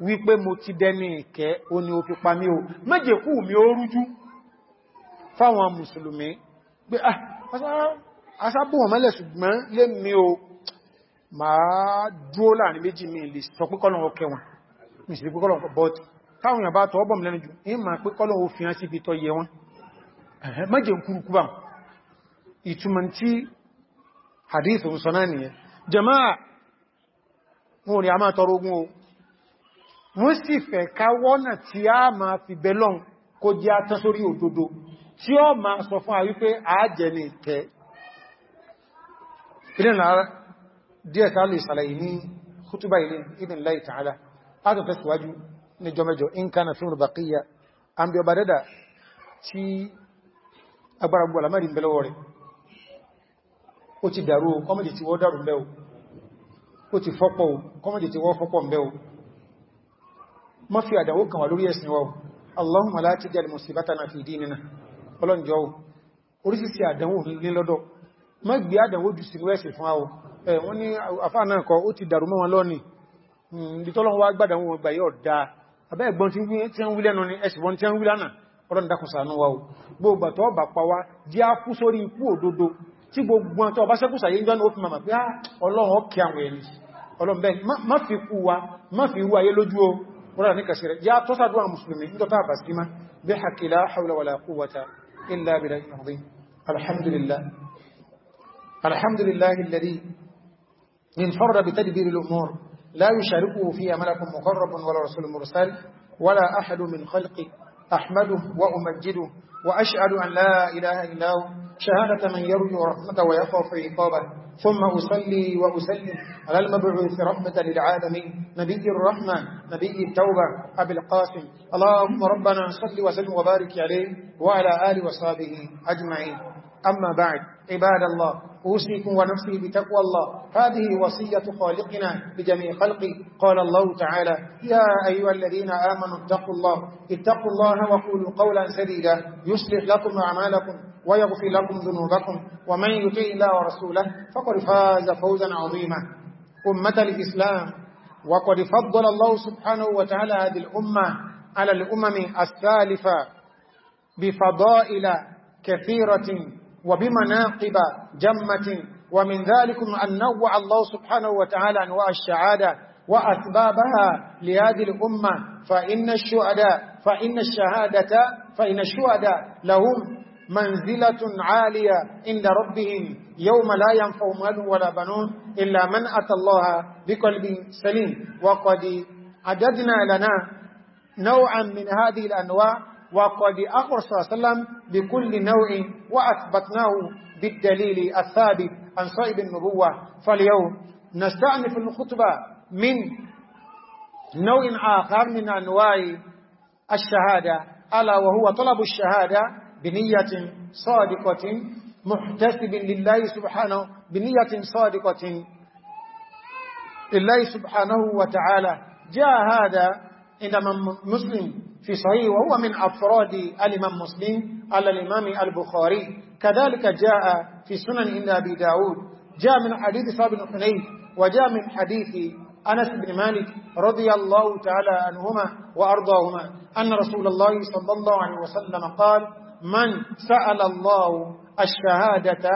wípé mo ti dẹni ìkẹ́ o ni o fi pa mí o méje kú mi ó rújú fáwọn mùsùlùmí pé asábò ah, wọn mẹ́lẹ̀ ṣùgbọ́n lé mi o máa dúó láàrin méjì mi lè sọ píkọ́lọ̀ ọkẹ wọn mi sì píkọ́lọ̀ but táwọn ìtumọ̀ tí hadith òun nìyẹn jama'a wọn ni a máa tọrọ ogun o wọ́n sì fẹ́ ká wọ́nà tí a máa fi bẹ́lọ́n kó jẹ́ atán sórí òdodo tí ó máa sọ fún a wípé ààjẹ́ ní ìtẹ́ ìrìnlá díẹ̀ ká lè sàlàyé ní kútúbà ilé ìdínlá ìtààlá látọ̀ tẹ́síwájú ní jọmẹjọ in kana fún rùbàkíyà an bí ọba dẹ́dà tí agbára gbọ́ alamari ń bẹ́lọ́wọ́ rẹ̀ ó ti dàrú kọ́mọ̀dì tí wọ́n dàrú mẹ́ o ó ti fọ́pọ̀ kọ́mọ̀dì tí wọ́n fọ́pọ̀ mẹ́ o má fi àdàwó kan wà lórí ẹ̀sìn wa Allahumma la tajal musibatana fi dinina ọlọ́njọ́ orísìsì àdánwò ní lọ́dọ̀ má gbé àdánwò jù sínú ẹ̀sìn fún àwọ wọ́n ní àfáà náà kọ ó ti dàrú mọ́ wọn hmm, lọ́ni ìdítọ́lọ́wọ́ wá gbádàwó wọn gbà yóò dáa abẹ́ ẹ̀gbọ́n tí ń wí lẹ́nu ni ẹ̀sìn wọn tí ń wí lánà ọlọ́n dákùnsànú wa gbogbo àtọ́ ọba pàwá di á kú sórí ikú òdodo tí gbogbo àtọ́ ọba sẹ́kùsà yìí jọ́nà fi màmà ah, wa má fi rú ayé lójú o القرآن كثيرا يا تصعد مسلمين ندفع بسلمة بحق لا حول ولا قوة إلا بالله العظيم الحمد لله الحمد لله الذي من حر بتدبير الأمور لا يشاركه فيها ملك مقرب ولا رسول مرسل ولا أحد من خلقه أحمده وأمجده وأشهد أن لا إله إلا هو شهادة من يرجو رحمته ويخاف عقابه ثم أصلي وأسلم على المبعوث رحمة للعالمين نبي الرحمة نبي التوبة أبي القاسم اللهم ربنا صل وسلم وبارك عليه وعلى آله وصحبه أجمعين أما بعد عباد الله أوصيكم ونفسي بتقوى الله هذه وصية خالقنا بجميع خلقه قال الله تعالى يا أيها الذين آمنوا اتقوا الله اتقوا الله وقولوا قولا سديدا يصلح لكم أعمالكم ويغفر لكم ذنوبكم ومن يطيع الله ورسوله فقد فاز فوزا عظيما أمة الإسلام وقد فضل الله سبحانه وتعالى هذه الأمة على الأمم السالفة بفضائل كثيرة وبمناقب جمة ومن ذلك أن نوع الله سبحانه وتعالى أنواع الشعادة وأسبابها لهذه الأمة فإن الشهداء فإن الشهادة فإن الشهداء لهم منزلة عالية عند ربهم يوم لا ينفع مال ولا بنون إلا من أتى الله بقلب سليم وقد عددنا لنا نوعا من هذه الأنواع وقد أخر صلى الله عليه وسلم بكل نوع وأثبتناه بالدليل الثابت عن صائب النبوة فاليوم نستأنف الخطبة من نوع آخر من أنواع الشهادة ألا وهو طلب الشهادة بنية صادقة محتسب لله سبحانه بنية صادقة لله سبحانه وتعالى جاء هذا عندما مسلم في صحيح وهو من أفراد الإمام مسلم على الإمام البخاري كذلك جاء في سنن عند أبي داود جاء من حديث صاحب الحنيف حنيف وجاء من حديث أنس بن مالك رضي الله تعالى عنهما وأرضاهما أن رسول الله صلى الله عليه وسلم قال من سأل الله الشهادة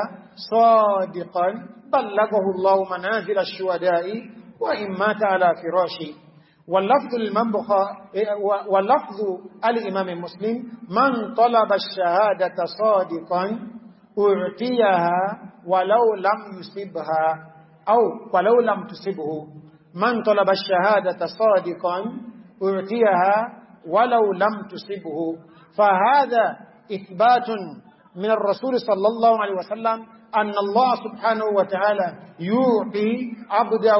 صادقا بلغه الله منازل الشهداء وإن مات على فراشه واللفظ, واللفظ الإمام مسلم من طلب الشهادة صادقا اعطيها ولو لم يصبها أو ولو لم تصبه من طلب الشهادة صادقا اعطيها ولو لم تصبه فهذا إثبات من الرسول صلى الله عليه وسلم أن الله سبحانه وتعالى يوحي عبده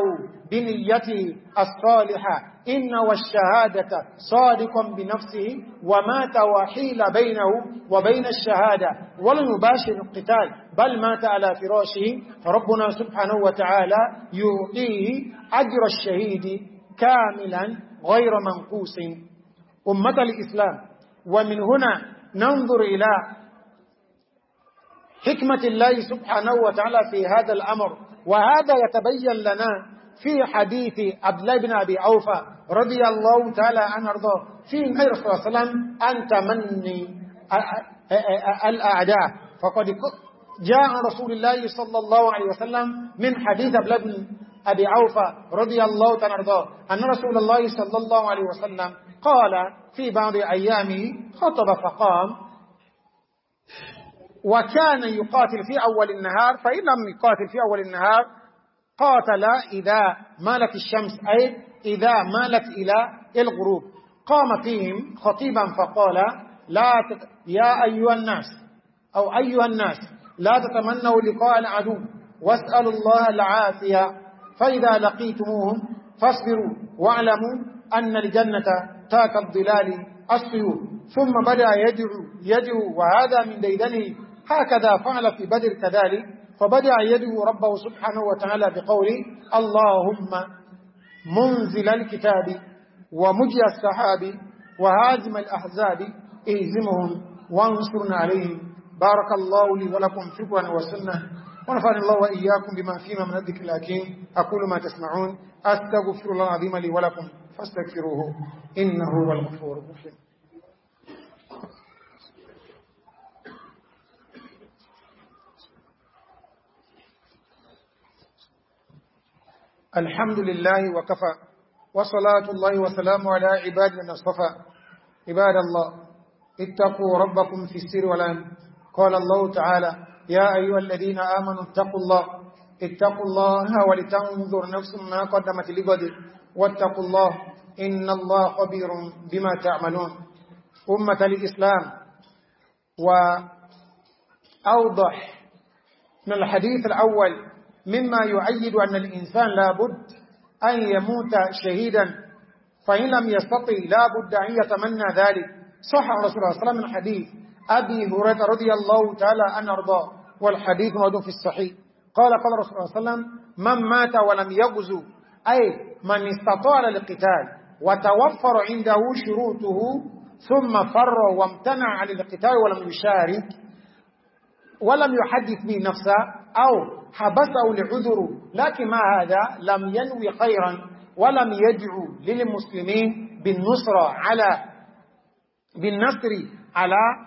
بنيته الصالحة إن والشهادة صادق بنفسه ومات وحيل بينه وبين الشهادة ولم يباشر القتال بل مات على فراشه فربنا سبحانه وتعالى يعطيه أجر الشهيد كاملا غير منقوص أمة الإسلام ومن هنا ننظر إلى حكمة الله سبحانه وتعالى في هذا الأمر وهذا يتبين لنا في حديث عبد الله بن أبي أوفى رضي الله تعالى عنه أرضه في غير صلى الله عليه وسلم أن تمني الأعداء فقد جاء رسول الله صلى الله عليه وسلم من حديث عبد بن أبي عوفة رضي الله تعالى عنه أن رسول الله صلى الله عليه وسلم قال في بعض أيامه خطب فقام وكان يقاتل في أول النهار فإن لم يقاتل في أول النهار قاتل إذا مالت الشمس أي إذا مالت إلى الغروب قام فيهم خطيبا فقال لا تت... يا أيها الناس أو أيها الناس لا تتمنوا لقاء العدو واسألوا الله العافية فإذا لقيتموهم فاصبروا واعلموا أن الجنة تاك الظلال السيوف ثم بدأ يدعو, يدعو وهذا من ديدنه هكذا فعل في بدر كذلك فبدأ يدعو ربه سبحانه وتعالى بقوله اللهم منزل الكتاب ومجي السحاب وهازم الأحزاب اهزمهم وانصرنا عليهم بارك الله لي ولكم شكرا وسنة ونفعني الله وإياكم بما فيما من الذكر الأكيم أقول ما تسمعون أستغفر الله العظيم لي ولكم فاستغفروه إنه هو الغفور المسلم الحمد لله وكفى وصلاة الله وسلامه على عباد من اصطفى عباد الله اتقوا ربكم في السير والآن قال الله تعالى يا أيها الذين آمنوا اتقوا الله اتقوا الله ولتنظر نفس ما قدمت لقد واتقوا الله إن الله خبير بما تعملون أمة الإسلام وأوضح من الحديث الأول مما يعيد أن الإنسان لابد أن يموت شهيدا فإن لم يستطي لابد أن يتمنى ذلك صح الرسول صلى الله عليه وسلم من حديث أبي هريرة رضي الله تعالى أن أرضاه والحديث موجود في الصحيح قال قال رسول الله صلى الله عليه وسلم من مات ولم يغزو أي من استطاع للقتال وتوفر عنده شروطه ثم فر وامتنع عن القتال ولم يشارك ولم يحدث به نفسه أو حبسه لعذر لكن ما هذا لم ينوي خيرا ولم يدعو للمسلمين بالنصر على بالنصر على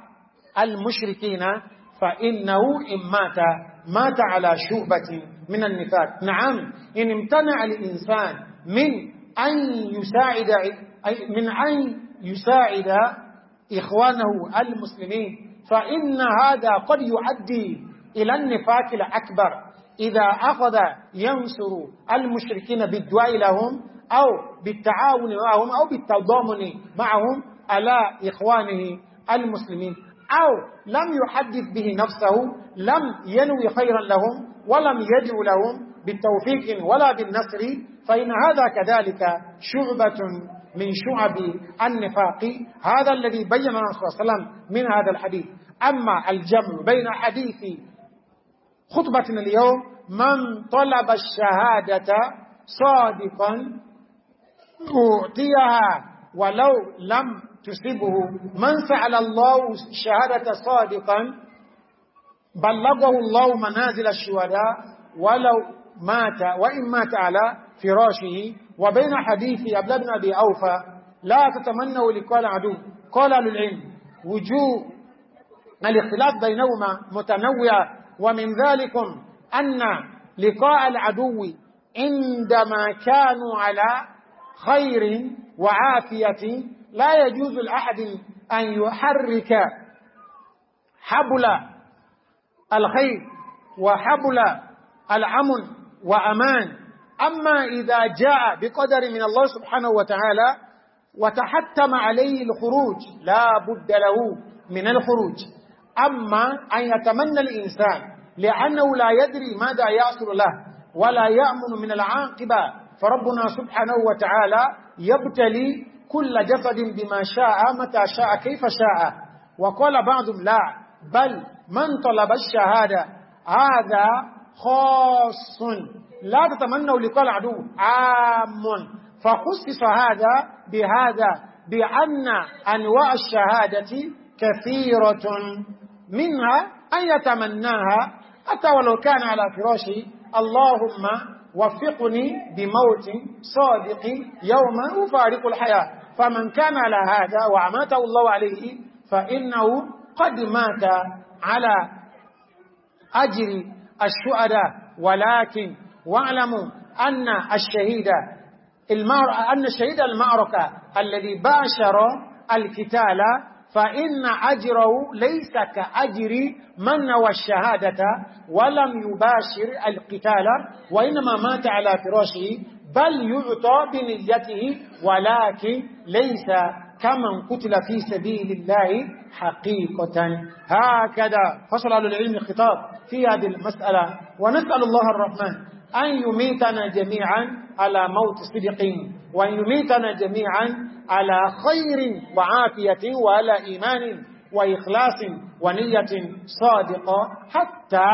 المشركين فإنه إن مات مات على شعبة من النفاق نعم إن امتنع الإنسان من أن يساعد من أن يساعد إخوانه المسلمين فإن هذا قد يؤدي إلى النفاق الأكبر إذا أخذ ينصر المشركين بالدعاء لهم أو بالتعاون معهم أو بالتضامن معهم على إخوانه المسلمين أو لم يحدث به نفسه لم ينوي خيرا لهم ولم يدعو لهم بالتوفيق ولا بالنصر فإن هذا كذلك شعبة من شعب النفاق هذا الذي بين الرسول صلى الله عليه وسلم من هذا الحديث أما الجمع بين حديث خطبة اليوم من طلب الشهادة صادقا أعطيها ولو لم تصيبه من فعل الله شهادة صادقا بلغه الله منازل الشهداء ولو مات وإن مات على فراشه وبين حديث أبل بن أبي أوفى لا تتمنوا لقال عدو قال للعلم وجوه الاختلاف بينهما متنوعة ومن ذلك أن لقاء العدو عندما كانوا على خير وعافية لا يجوز لأحد أن يحرك حبل الخير وحبل العمل وأمان أما إذا جاء بقدر من الله سبحانه وتعالى وتحتم عليه الخروج لا بد له من الخروج أما أن يتمنى الإنسان لأنه لا يدري ماذا يحصل له ولا يأمن من العاقبة فربنا سبحانه وتعالى يبتلي كل جسد بما شاء متى شاء كيف شاء وقال بعضهم لا بل من طلب الشهادة هذا خاص لا تتمنوا لقاء العدو عام فخصص هذا بهذا بأن أنواع الشهادة كثيرة منها أن يتمناها حتى ولو كان على فراشي اللهم وفقني بموت صادق يوم أفارق الحياة فمن كان على هذا وعماته الله عليه فإنه قد مات على أجر الشهداء ولكن واعلموا أن الشهيد أن الشهيد المعركة الذي باشر القتال فإن أجره ليس كأجر من نوى الشهادة ولم يباشر القتال وإنما مات على فراشه بل يعطى بنيته ولكن ليس كمن قتل في سبيل الله حقيقة هكذا فصل على العلم الخطاب في هذه المسألة ونسأل الله الرحمن أن يميتنا جميعا على موت صدق وأن يميتنا جميعا على خير وعافية وعلى إيمان وإخلاص ونية صادقة حتى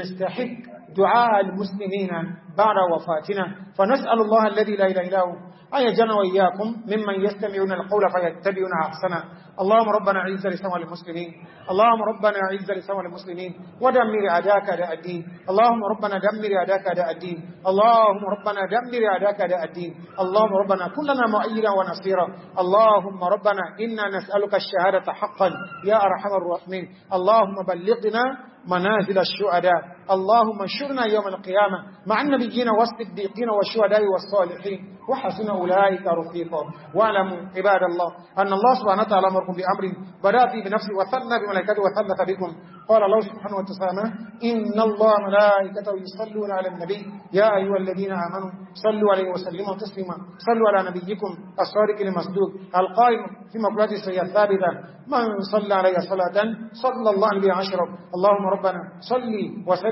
نستحق دعاء المسلمين بعد وفاتنا فنسأل الله الذي لا إله إلا هو أن يجعلنا وإياكم ممن يستمعون القول فيتبعون أحسنه اللهم ربنا أعز لسوى المسلمين اللهم ربنا أعز لسوى المسلمين ودمر أعداءك أداء الدين اللهم ربنا دمر أعداءك أداء الدين اللهم ربنا دمر أعداءك أداء الدين اللهم ربنا كلنا مؤيدا ونصيرا اللهم ربنا إنا نسألك الشهادة حقا يا أرحم الراحمين وافنه اللهم بلغنا منازل الشهداء اللهم انشرنا يوم القيامة مع النبيين والصديقين والشهداء والصالحين وحسن أولئك رفيقا واعلموا عباد الله أن الله سبحانه وتعالى أمركم بأمر بدأ بنفسه وثنى بملائكته وثلث بكم قال الله سبحانه وتعالى إن الله ملائكته يصلون على النبي يا أيها الذين آمنوا صلوا عليه وسلموا تسليما صلوا على نبيكم الصادق المسدود القائم في مقلات السيئة الثابتة من صلى علي صلاة صلى الله عليه عشرا اللهم ربنا صلي وسلم